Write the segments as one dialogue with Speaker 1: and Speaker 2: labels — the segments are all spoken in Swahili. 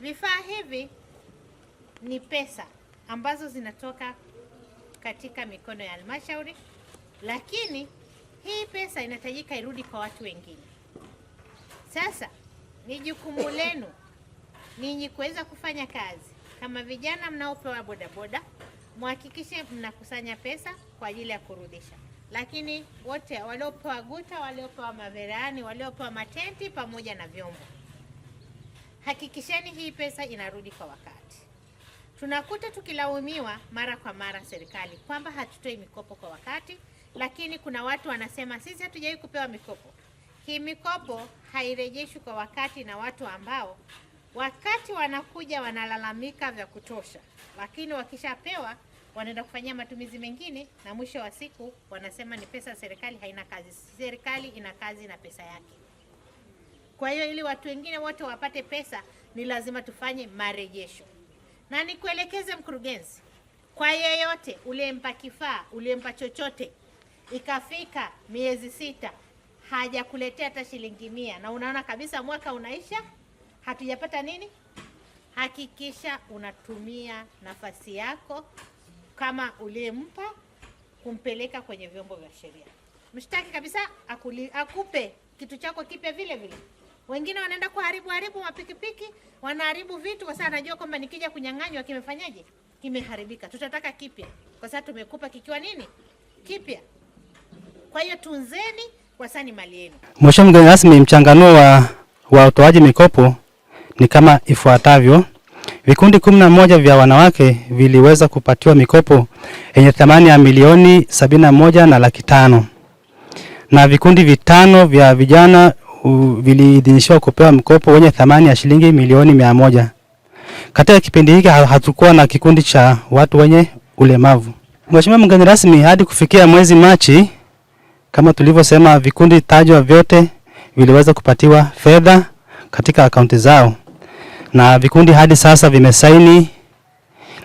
Speaker 1: vifaa hivi ni pesa ambazo zinatoka katika mikono ya halmashauri, lakini hii pesa inahitajika irudi kwa watu wengine. Sasa ni jukumu lenu ninyi kuweza kufanya kazi kama vijana mnaopewa bodaboda, mhakikishe mnakusanya pesa kwa ajili ya kurudisha. Lakini wote waliopewa guta, waliopewa maverani, waliopewa matenti pamoja na vyombo hakikisheni hii pesa inarudi kwa wakati. Tunakuta tukilaumiwa mara kwa mara serikali kwamba hatutoi mikopo kwa wakati, lakini kuna watu wanasema sisi hatujawahi kupewa mikopo. Hii mikopo hairejeshwi kwa wakati, na watu ambao wakati wanakuja wanalalamika vya kutosha, lakini wakishapewa wanaenda kufanyia matumizi mengine, na mwisho wa siku wanasema ni pesa serikali haina kazi. Serikali ina kazi na pesa yake. Kwa hiyo ili watu wengine wote wapate pesa ni lazima tufanye marejesho, na nikuelekeze mkurugenzi, kwa yeyote uliyempa kifaa, uliyempa chochote, ikafika miezi sita hajakuletea hata shilingi mia, na unaona kabisa mwaka unaisha, hatujapata nini, hakikisha unatumia nafasi yako kama uliyempa kumpeleka kwenye vyombo vya sheria, mshtaki kabisa akuli, akupe kitu chako kipya vile vile. Wengine wanaenda kwa haribu haribu mapikipiki, wanaharibu vitu kwa sababu anajua kwamba nikija kunyang'anywa kimefanyaje? Kimeharibika. Tutataka kipya. Kwa sababu tumekupa kikiwa nini? Kipya. Kwa hiyo tunzeni kwa sababu ni mali yenu.
Speaker 2: Mheshimiwa mgeni rasmi, mchanganuo wa wa utoaji mikopo ni kama ifuatavyo. Vikundi kumi na moja vya wanawake viliweza kupatiwa mikopo yenye thamani ya milioni sabini na moja na laki tano na vikundi vitano vya vijana viliidhinishiwa kupewa mkopo wenye thamani ya shilingi milioni mia moja. Katika kipindi hiki hatukuwa na kikundi cha watu wenye ulemavu. Mheshimiwa mgeni rasmi, hadi kufikia mwezi Machi, kama tulivyosema, vikundi tajwa vyote viliweza kupatiwa fedha katika akaunti zao, na vikundi hadi sasa vimesaini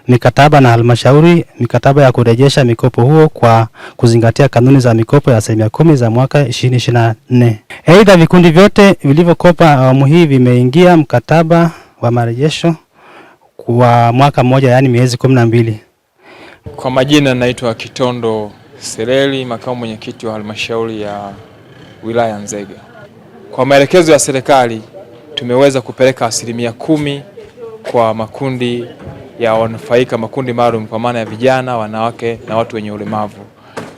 Speaker 2: mikataba na halmashauri mikataba ya kurejesha mikopo huo kwa kuzingatia kanuni za mikopo ya asilimia kumi za mwaka 2024. Aidha, vikundi vyote vilivyokopa awamu hii vimeingia mkataba wa marejesho kwa mwaka mmoja, yaani miezi kumi na mbili.
Speaker 3: Kwa majina naitwa Kitondo Sereli, makamu mwenyekiti wa halmashauri ya wilaya Nzega. Kwa maelekezo ya serikali tumeweza kupeleka asilimia kumi kwa makundi ya wanufaika makundi maalum, kwa maana ya vijana, wanawake na watu wenye ulemavu,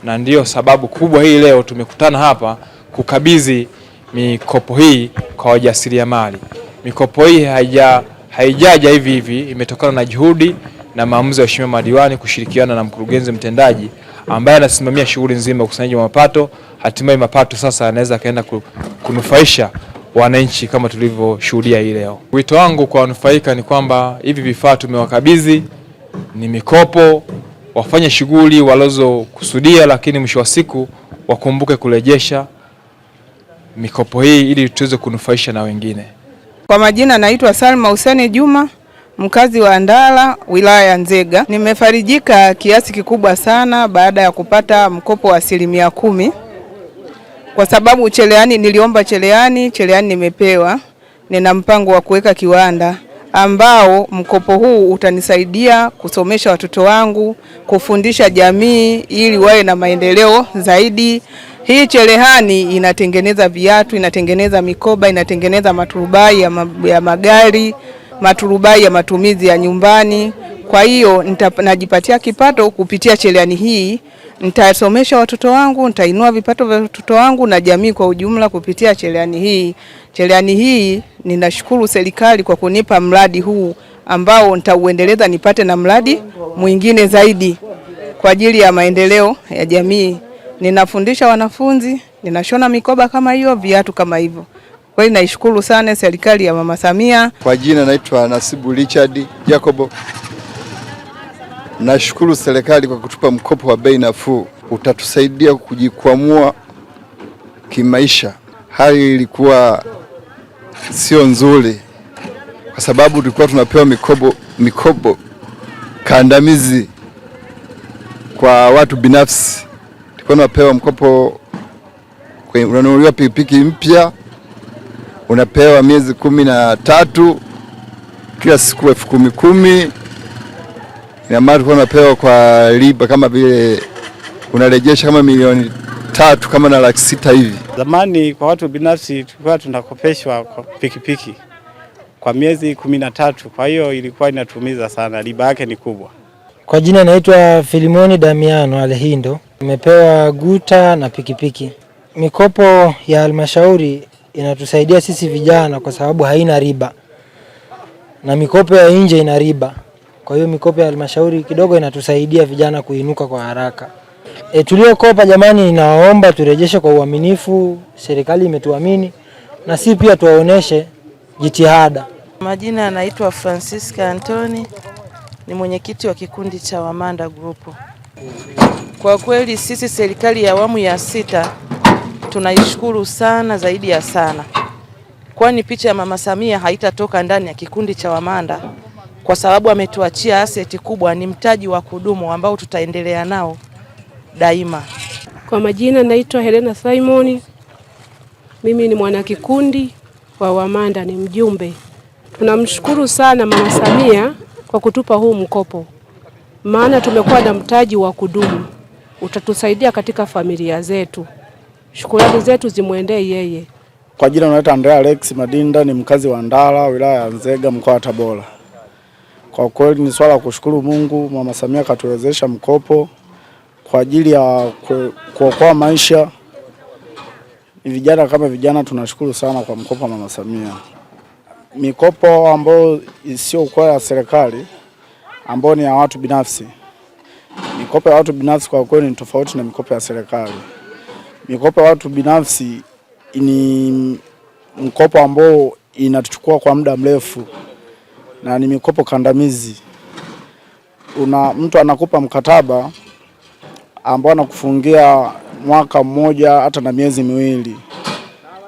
Speaker 3: na ndiyo sababu kubwa hii leo tumekutana hapa kukabidhi mikopo hii kwa wajasiriamali. Mikopo hii haija haijaja hivi hivi, imetokana na juhudi na maamuzi ya waheshimiwa madiwani kushirikiana na mkurugenzi mtendaji ambaye anasimamia shughuli nzima ya ukusanyaji wa mapato. Hatimaye mapato sasa yanaweza kaenda kunufaisha wananchi kama tulivyoshuhudia hii leo. Wito wangu kwa wanufaika ni kwamba hivi vifaa tumewakabidhi ni mikopo, wafanye shughuli walizokusudia, lakini mwisho wa siku wakumbuke kurejesha mikopo hii ili tuweze kunufaisha na wengine.
Speaker 4: Kwa majina naitwa Salma Huseni Juma, mkazi wa Ndala, wilaya ya Nzega. Nimefarijika kiasi kikubwa sana baada ya kupata mkopo wa asilimia kumi kwa sababu Cheleani niliomba Cheleani, Cheleani nimepewa. Nina mpango wa kuweka kiwanda ambao mkopo huu utanisaidia kusomesha watoto wangu, kufundisha jamii ili wawe na maendeleo zaidi. Hii cherehani inatengeneza viatu, inatengeneza mikoba, inatengeneza maturubai ya, ma ya magari, maturubai ya matumizi ya nyumbani. Kwa hiyo najipatia kipato kupitia cherehani hii nitasomesha watoto wangu, nitainua vipato vya watoto wangu na jamii kwa ujumla kupitia cherehani hii. Cherehani hii ninashukuru serikali kwa kunipa mradi huu ambao nitauendeleza nipate na mradi mwingine zaidi kwa ajili ya maendeleo ya jamii. Ninafundisha wanafunzi, ninashona mikoba kama hiyo, viatu kama hivyo. Kwa hiyo naishukuru sana serikali ya Mama Samia.
Speaker 5: Kwa jina naitwa Nasibu Richard Jacobo. Nashukuru serikali kwa kutupa mkopo wa bei nafuu, utatusaidia kujikwamua kimaisha. Hali ilikuwa sio nzuri, kwa sababu tulikuwa tunapewa mikopo, mikopo kandamizi kwa watu binafsi. Tulikuwa tunapewa mkopo, unanunuliwa pikipiki mpya, unapewa miezi kumi na tatu, kila siku elfu kumi kumi ni ambayo tulikuwa tunapewa kwa riba, kama vile unarejesha kama milioni tatu kama na laki sita hivi.
Speaker 6: Zamani kwa watu binafsi tulikuwa tunakopeshwa kwa pikipiki kwa miezi kumi na tatu, kwa hiyo ilikuwa inatumiza sana, riba yake ni kubwa.
Speaker 7: Kwa jina naitwa Filimoni Damiano Alehindo, nimepewa guta na pikipiki. Mikopo ya halmashauri inatusaidia sisi vijana kwa sababu haina riba na mikopo ya nje ina riba. Kwa hiyo mikopo ya halmashauri kidogo inatusaidia vijana kuinuka kwa haraka. E, tuliokopa jamani, ninawaomba turejeshe kwa uaminifu. Serikali imetuamini na si pia tuwaoneshe jitihada.
Speaker 8: Majina yanaitwa Francisca Antoni, ni mwenyekiti wa kikundi cha Wamanda Group. Kwa kweli sisi serikali ya awamu ya sita tunaishukuru sana zaidi ya sana, kwani picha ya Mama Samia haitatoka ndani ya kikundi cha Wamanda kwa sababu ametuachia aseti kubwa, ni mtaji wa kudumu ambao tutaendelea nao daima.
Speaker 9: Kwa majina naitwa Helena Simoni, mimi ni mwanakikundi wa Wamanda, ni mjumbe. Tunamshukuru sana Mama Samia kwa kutupa huu mkopo, maana tumekuwa na mtaji wa kudumu, utatusaidia katika familia zetu. Shukurani zetu zimwendee yeye.
Speaker 10: Kwa jina naitwa Andrea Alex Madinda, ni mkazi wa Ndala, wilaya ya Nzega, mkoa wa Tabora. Kwa kweli ni swala ya kushukuru Mungu, Mama Samia katuwezesha mkopo kwa ajili ya kuokoa maisha. Vijana kama vijana tunashukuru sana kwa mkopo wa Mama Samia. Mikopo ambayo isiyokuwa ya serikali ambayo ni ya watu binafsi, mikopo ya watu binafsi kwa kweli ni tofauti na mikopo ya serikali. Mikopo ya watu binafsi ni mkopo ambao inachukua kwa muda mrefu na ni mikopo kandamizi. Una mtu anakupa mkataba ambao anakufungia mwaka mmoja hata na miezi miwili.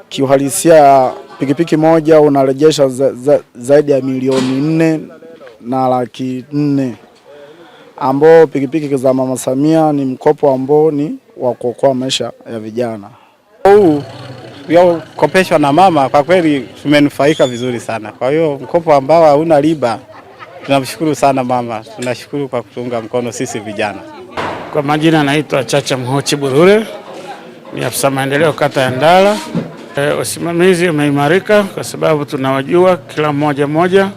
Speaker 10: Kiuhalisia pikipiki moja unarejesha za, za, zaidi ya milioni nne na laki nne ambao pikipiki za Mama Samia ni mkopo ambao ni wa kuokoa maisha ya vijana
Speaker 11: huu kopeshwa na mama, kwa kweli tumenufaika vizuri sana. Kwa hiyo mkopo ambao hauna riba, tunamshukuru sana mama, tunashukuru kwa kutunga mkono sisi vijana.
Speaker 12: Kwa majina naitwa Chacha Mhochi Burure, ni afisa maendeleo kata ya Ndala. E, usimamizi umeimarika kwa sababu tunawajua kila mmoja moja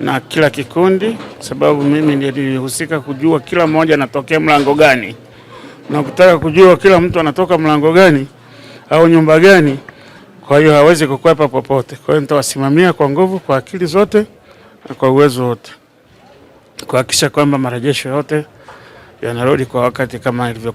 Speaker 12: na kila kikundi, sababu mimi ndiye nilihusika kujua kila mmoja anatokea mlango gani, na kutaka kujua kila mtu anatoka mlango gani au nyumba gani. Kwa hiyo hawezi kukwepa popote. Kwa hiyo nitawasimamia kwa nguvu, kwa akili zote na kwa uwezo wote kuhakikisha kwamba marejesho yote yanarudi kwa wakati kama ilivyo